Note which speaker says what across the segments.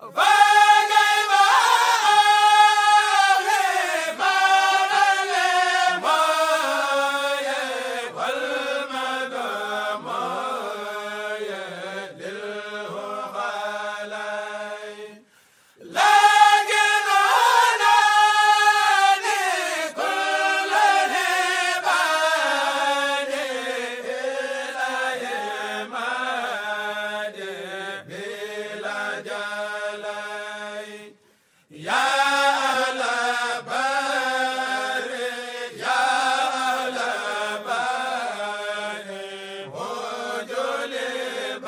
Speaker 1: Vote!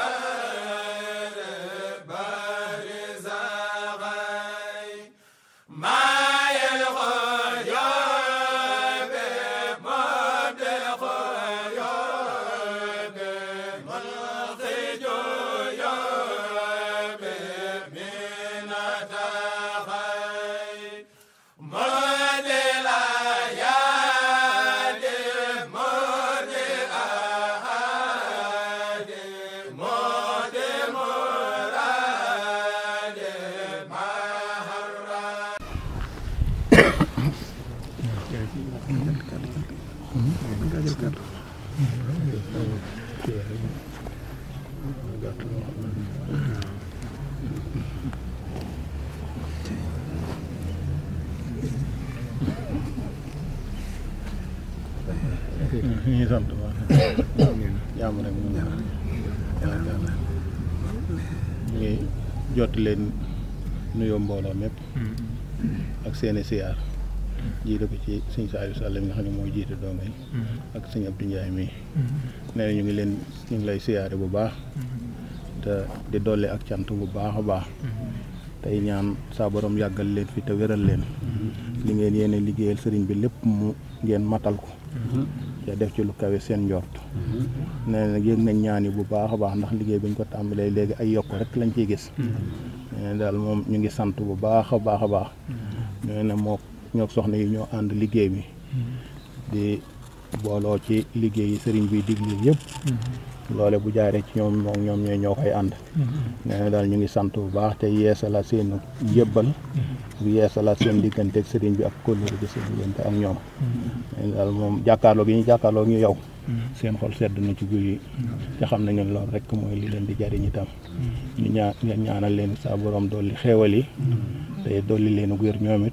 Speaker 1: 말
Speaker 2: ñu sant rek
Speaker 3: mu ngi jot leen nuyoo mbooloo mépp ak seeni siyaar jiite ko ci sëñ Saliou Sall nga xam ne mooy jiite doom yi mm-hmm. ak sëñ Abdou Ndiaye mii mm-hmm. nee ñu ngi leen ñu ngi lay siyaare bu baax mm-hmm. te di dolli ak cant bu baax a baax tey ñaan saa borom yàggal leen fi te wéral leen li ngeen yéene liggéeyal sëriñ bi lépp mu ngeen matal ko te def ci lu kawe seen njort nee na yëg nañ ñaan yi bu baax a baax ndax liggéey bi ko tàmbalee léegi ay yokk rek lañ ciy gis nee daal moom ñu ngi sant bu baax a baax a baax nee na moo ñoo soxna yi ñoo ànd liggéey bi di booloo ci liggéey yi sëriñ bi digle yëpp mm-hmm. loole bu jaaree ci ñoom moom ñoom ñooy ñoo koy ànd mm-hmm. nee na daal ñu ngi sant bu baax te yeesalaat mm-hmm. seen njëbbal bu yeesalaat seen diggante ak sëriñ bi ak kóllëre gi seen diggante ak ñoom nee na daal moom jàkkaarloo gi ñu jàkkaarloo ñu yow seen xol sedd na ci guy yi te xam na nañu lool rek mooy li leen di jariñ itam ñu ñaa ñaanal leen saa borom dolli xéewal yi te dolli leen wér ñoom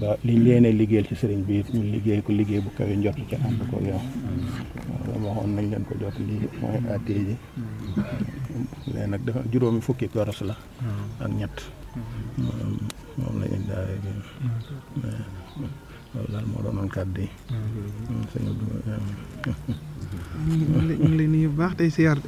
Speaker 3: ba li leene liggéeyal ci sëriñ bi ñu liggéey ko liggéey bu kawé ñott ci and ko yow waaw waxoon nañ leen ko jott li moy àttee ji léegi nag dafa juroomi fukki koros la ak ñett moom lañ daay bi loolu daal moo doonoon kàddu yi sëñ
Speaker 2: ñu ngi lay nuyu bu baax tay ziar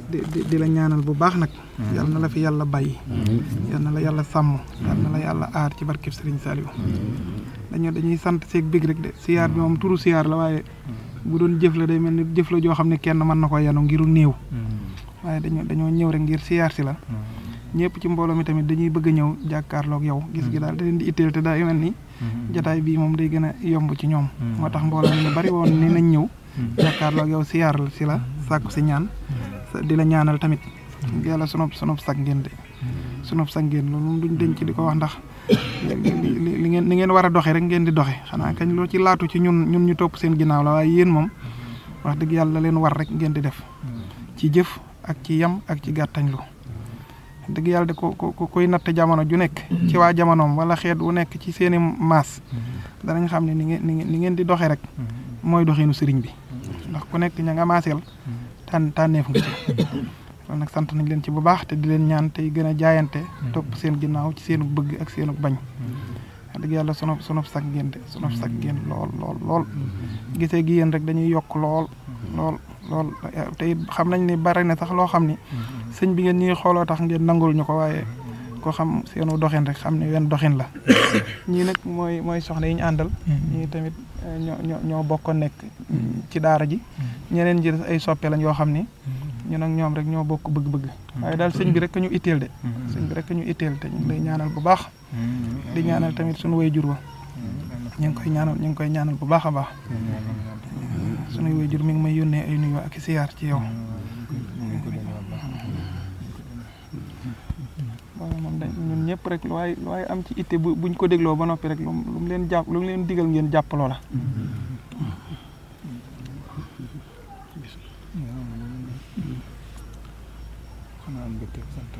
Speaker 2: di di la ñaanal bu baax nag mm-hmm. yal na la fi yàlla bàyyi mm-hmm. yal na la yàlla sàmm mm-hmm. yal na la yàlla aar ci barkeb Serigne dañu dañuy rek de siyaar bi turu siyaar la waaye bu doon jëf la day mel ni jëf la joo xam kenn mën na ko yanu ngiru néew waaye dañoo dañoo ñëw rek ngir siyaar si la ñëpp ci mi tamit dañuy bëgg a ñëw jàkkaarloog yow gis gi daal da di itteel te daa mel ni jataay bii moom day gën a yomb ci ñoom moo tax mbooloo bari woon ni nañ ñëw jàkkaarloog yow la ñaan di la ñaanal tamit yàlla sunop sunop sag ngeen de sunop sag ngeen lu duñ denc di ko wax ndax li ngeen ni ngeen wara doxé rek ngeen di doxé xana kañ lo ci laatu ci ñun ñun ñu top seen ginaaw la way yeen mom wax deug yalla leen war rek ngeen di def ci jëf ak ci yam ak ci lu deug yalla de ko ko koy natt jamono ju nek ci wa jamono wala xet wu nek ci seeni maas danañ ni ngeen di doxé rek mooy doxinu serigne bi ndax ku nek ña masel tànn tànneef nga ci loolu nag sant nañ leen ci bu baax te di leen ñaan te gën a jaayante topp seen ginnaaw ci seenu bëgg ak seenu bañ dëgg yàlla sunu sunu sag ngeen de sunu sag ngeen lool lool lool gisee gi yéen rek dañuy yokk lool lool lool tey xam nañ ni bari na sax loo xam ni mm-hmm. sëñ bi ngeen ñuy xooloo tax ngeen nangul ñu ko waaye ko xam seenu doxin rek xam ne wenn doxin la ñii nag mooy mooy soxna yi ñu àndal mm-hmm. ñii tamit eh, ñoo ñoo ñoo bokkoon nekk mm-hmm. ci daara ji mm-hmm. ñeneen ji ay soppe lañ yoo xam ni ñu nag ñoom rek ñoo bokk bëgg-bëgg waaye daal sëñ bi rek ñu itteel de sëñ bi rek ñu itteel te ñu lay ñaanal bu baax di ñaanal tamit suñu way jur wa ñu ngi koy ñaanal ñu ngi koy ñaanal bu baax a baax suñu way jur mi ngi may yónnee ay nuyu ak siyaar ci yow moom dañ ñun ñëpp rek lu waay lu waay am ci itte buñ ko dégloo ba noppi rek lu mu leen jàpp lu mu leen digal ngeen jàpp loola. xanaa am mbégte sant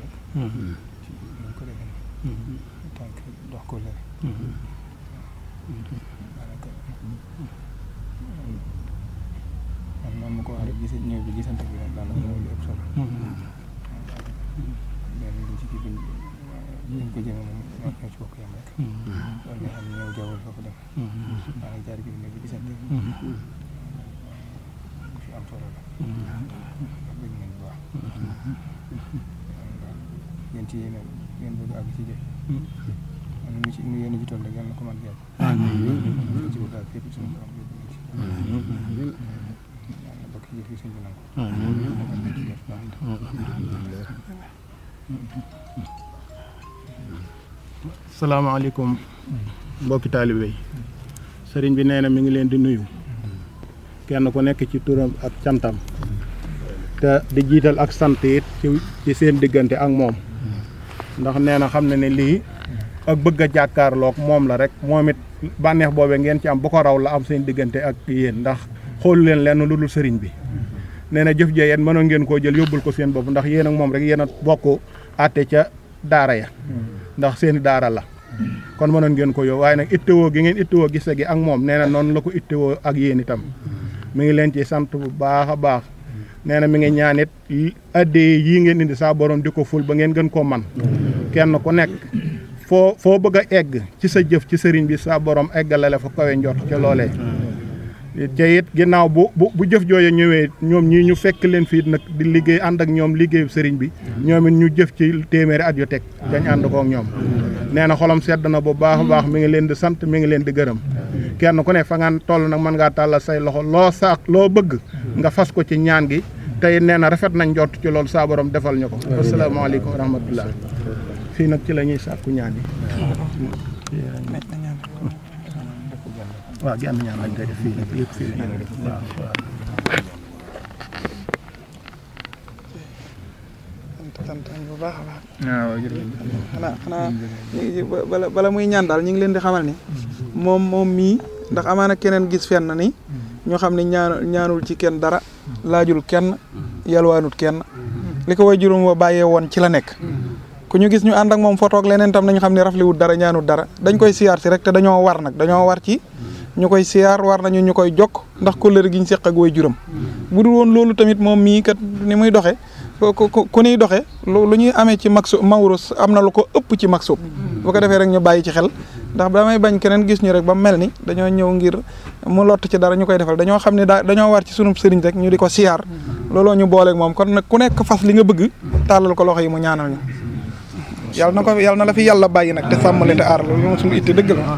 Speaker 2: dañ ko jëme moom ñoo ñoo ci bokk yam rek loolu nga xam ci yéen ngeen bëgg àgg ci jëf man ñu ci ñu yéen ci toll rek na ko mën jàpp ci bëgg àgg fépp suñu borom yóbbu yàlla bokk ci jëf yi suñ
Speaker 3: asalaamaaleykum mbokki taalibe yi sëriñ bi néna na mi ngi leen di nuyu kenn ko nekk ci touram ak cantam té di jital ak sant it ci seen digënté ak mom ndax néna na né na ak bëgg a lok mom la rek momit it bobé ngeen ci am bu ko raw la am seen digënté ak yeen ndax xol leen loolu bi néna na jëf jëy yeen mëno ngeen ko jël yobul ko seen bop ndax yeen ak mom rek yeen ak bokku àtte ca daara ya ndax seen daara la kon mënoon ngeen ko yow waaye nag ittewoo gi ngeen ittewoo gise gi ak moom nee na noonu la ko ittewoo ak yéen itam mi ngi leen ci sant bu baax a baax nee na mi ngi ñaanit addee yii ngeen indi saa borom di ko ful ba ngeen gën koo man kenn ku nekk foo foo bëgg a egg ci sa jëf ci sëriñ bi saa borom eggalale fa kawe njot ca loolee te it ginnaaw bu bu bu jëf jooye ñëwee ñoom ñii ñu fekk leen fii nag di liggéey ànd ak ñoom liggéeyu sëriñ bi ñoomit ñu jëf ci téeméeri at yu teg dañ ñoom neena xolam sedd na bu baax baax mi ngi leen di sante mi ngi leen di gëreem kenn ku ne fa nga toll nak man nga tàllal say loxo lo sax lo bëgg nga fas ko ci ñaan gi tay neena rafet nañ jot ci lool sa borom defal ñu assalamu alaykum wa rahmatullah fi nak ci lañuy ñuy ñaan yi waaw genn ñaan lañ koy def fii nag yëpp
Speaker 2: bu baax a baax ah, xanaa xanaa bala bala muy ñaan daal ñu ngi leen di xamal ni moom moom mii ndax amaana keneen gis fenn ni ñu xam ne ñaan ñaanul ci kenn dara laajul kenn yalwaanut kenn li ko way juróom wa bàyyee woon ci la nekk ku ñu gis ñu ànd ak moom photo ak leneen tam nañu xam ne rafliwut dara ñaanut dara dañ koy siyaar si rek te dañoo war nag dañoo war ci ñu koy siyaar war nañu ñu koy jokk ndax kóllëre gi ñu seq ak way juróom bu dul woon loolu tamit moom mii kat ni muy doxee ku ku doxe doxee lu ñuy amee ci maksu mawrus am na lu ko ëpp ci maksub bu ko defee rek ñu bàyyi ci xel ndax damay bañ keneen gis ñu rek ba mel ni dañoo ñëw ngir mu lott ci dara ñu koy defal dañoo xam ne daal dañoo war ci sunub sëriñ rek ñu di ko siyaar looloo ñu booleeg moom kon nag ku nekk fas li nga bëgg tàllal ko loxo yi mu ñaanal ñu yàlla na ko yàlla na la fi yàlla bàyyi nag te leen te aar loolu moom suñu itte dëgg la